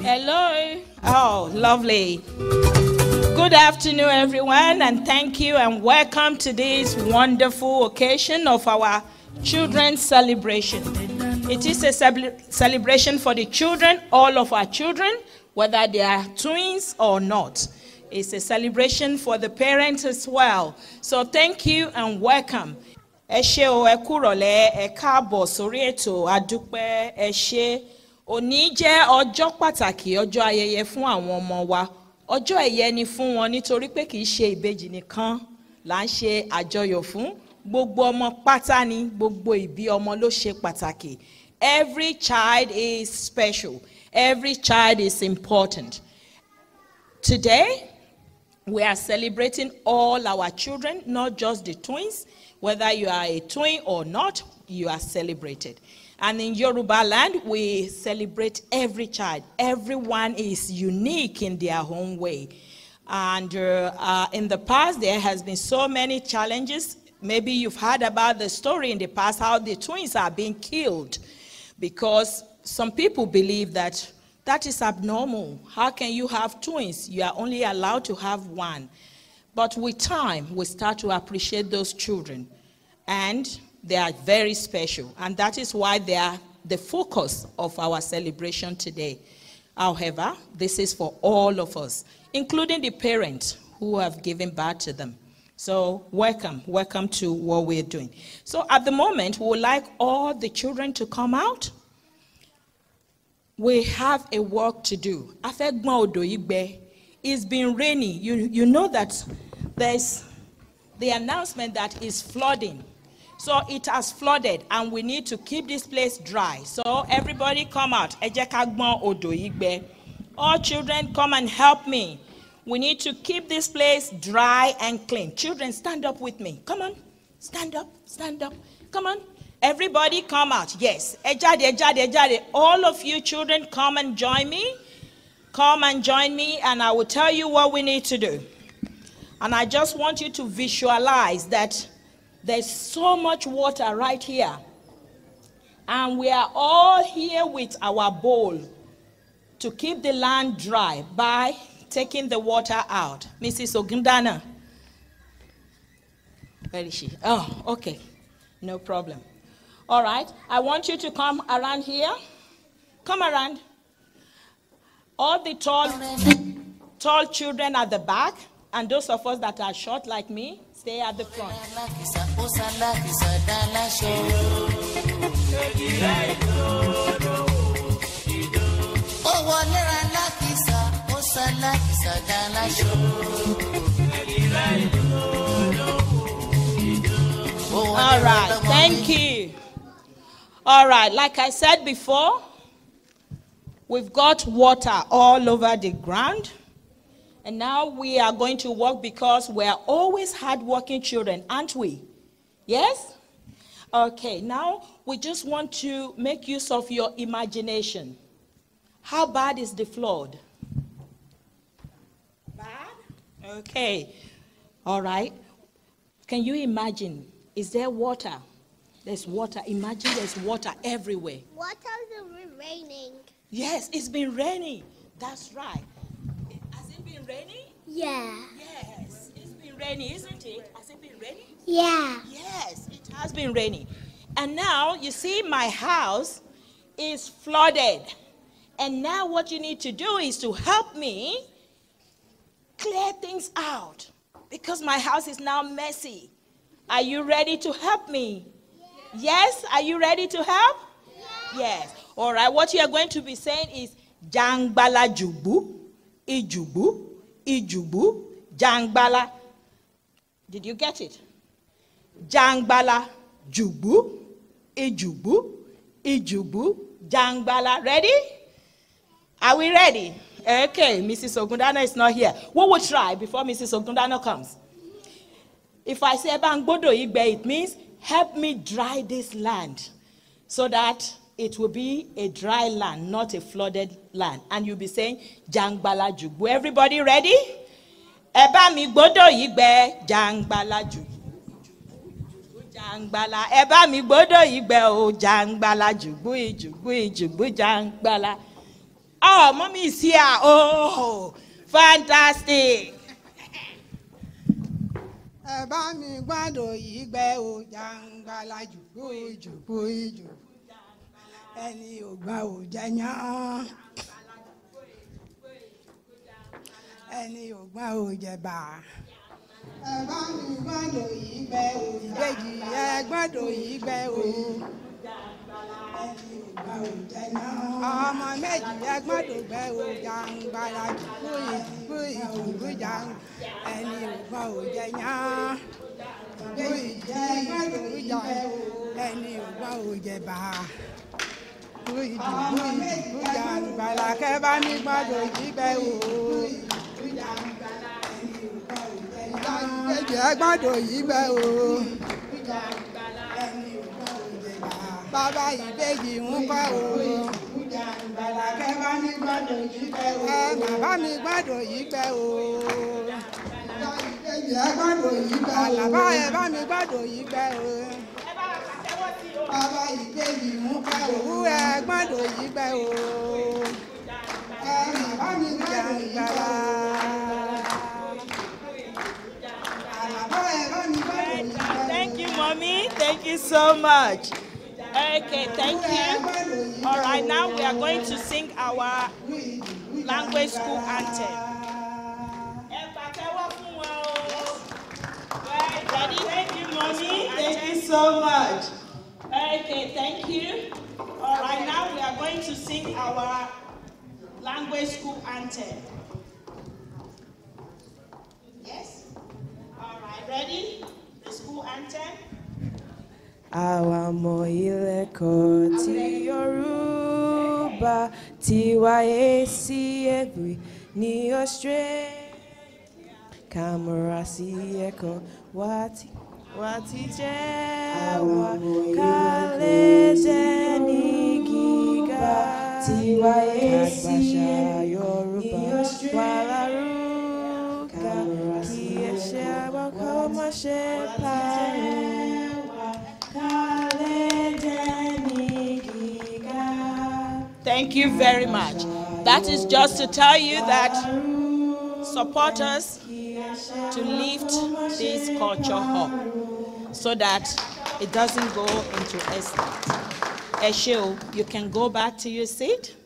Hello. Oh, lovely. Good afternoon, everyone, and thank you and welcome to this wonderful occasion of our children's celebration. It is a celebration for the children, all of our children, whether they are twins or not. It's a celebration for the parents as well. So thank you and welcome. Ẹ ṣé o, ẹ kúrọ̀lẹ́, ẹ káàbọ̀ sórí ètò àdúpẹ́ ẹ ṣé. Òní jẹ́ ọjọ́ pàtàkì, ọjọ́ ayẹyẹ fún àwọn ọmọ wa. Ọjọ́ ẹ̀yẹ ni fún wọn nítorí pé kì í ṣe ìbejì nìkan là ń ṣe àjọyọ̀ fún. Gbogbo ọmọ pátá ni gbogbo ìbí ọmọ ló ṣe pàtàkì. Every child is special. Every child is important. Today, we are celebrating all our children, not just the twins. Whether you are a twin or not, you are celebrated. And in Yoruba land, we celebrate every child. Everyone is unique in their own way. And uh, uh, in the past, there has been so many challenges. Maybe you've heard about the story in the past how the twins are being killed because some people believe that that is abnormal. How can you have twins? You are only allowed to have one. But with time, we start to appreciate those children, and they are very special. And that is why they are the focus of our celebration today. However, this is for all of us, including the parents who have given birth to them. So, welcome, welcome to what we're doing. So, at the moment, we would like all the children to come out. We have a work to do. It's been raining. You, you know that there's the announcement that is flooding. So it has flooded and we need to keep this place dry. So everybody come out. All children come and help me. We need to keep this place dry and clean. Children, stand up with me. Come on. Stand up. Stand up. Come on. Everybody come out. Yes. Ejade, ejade, ejade. All of you children, come and join me. Come and join me, and I will tell you what we need to do. And I just want you to visualize that there's so much water right here. And we are all here with our bowl to keep the land dry by taking the water out. Mrs. Ogundana. Where is she? Oh, okay. No problem. All right. I want you to come around here. Come around. All the tall, tall children at the back, and those of us that are short like me, stay at the front. Oh, Oh, all right, thank you. All right, like I said before, we've got water all over the ground. And now we are going to work because we are always hardworking children, aren't we? Yes? Okay, now we just want to make use of your imagination. How bad is the flood? Okay. All right. Can you imagine? Is there water? There's water. Imagine there's water everywhere. Water's been raining. Yes, it's been raining. That's right. Has it been raining? Yeah. Yes, it's been raining, isn't it? Has it been raining? Yeah. Yes, it has been raining. And now you see my house is flooded. And now what you need to do is to help me clear things out because my house is now messy. Are you ready to help me? Yes. yes? Are you ready to help? Yes. yes. All right. What you are going to be saying is Jangbala Jubu, Ijubu, Ijubu, Jangbala. Did you get it? Jangbala Jubu, Ijubu, Ijubu, Jangbala. Ready? Are we ready? Okay, Mrs. Ogundana is not here. We will try before Mrs. Ogundana comes. If I say Bangbodo Igbe, it means help me dry this land so that it will be a dry land, not a flooded land. And you'll be saying Jangbala Jugbu. Everybody ready? Eba mi gbodo Igbe, Jangbala Jugbu. Jangbala, Eba mi gbodo Igbe, oh Jangbala Jugbu, Jugbu, Jugbu, Jangbala. Oh, mommy is here. Oh, fantastic. Ẹ mi gbádùn yìí gbẹ́ o, jàǹgbàlà jùgbó ìjùgbó ìjùgbó ẹni ò gbà ò jẹyàn. Ẹni ò gbà ò jẹ̀bà. Ẹ mi gbádùn yìí gbẹ́ o, ìbejì ẹ gbádùn yìí gbẹ́ o ọmọ méjì ẹgbọ́dọ̀ gbẹ o jàǹgbàrà kúrì kúrì kúrìjà ẹni ògbà ò jẹ yán kúrì ẹgbọ́dọ̀ kúrìjà ẹni ògbà ò jẹ bá kúrì kúrì jàǹgbàrà kẹfà ní gbọ́dọ̀ jígbẹ o. méjì ẹgbọ́dọ̀ yìí gbẹ o bàbá ìbejì ń pẹ́ o. bàbá mi gbọ́dọ̀ yìí pẹ́ o. Àlàbá ẹ mi gbọ́dọ̀ yìí pẹ́ o. Bàbá ìbejì ń kọ́ o. Òwú ẹ gbọ́dọ̀ yìí pẹ́ o. bàbá mi gbọ́dọ̀ yìí pẹ́ o. Thank you, mommy. Thank you so much. Okay, thank you. All right, now we are going to sing our language school anthem. Daddy, thank you, mommy. Thank you so much. Okay, thank you. All right, now we are going to sing our language school anthem. àwa ọmọ ilẹ̀ kọ́ ti Yorùbá esi ACAB ní Australia kàmúra sí ẹ̀kọ́ wá ti wá ti jẹ́ àwa ká jẹ́ ní gíga tiwa ACAB ní Australia kàmúra sí ẹ̀kọ́ wá ti jẹ́ jẹ́ ní gíga tiwa ní Australia sí ẹ̀kọ́ wá ti jẹ́ Thank you very much. That is just to tell you that support us to lift this culture up so that it doesn't go into extinct. Eshio, you can go back to your seat.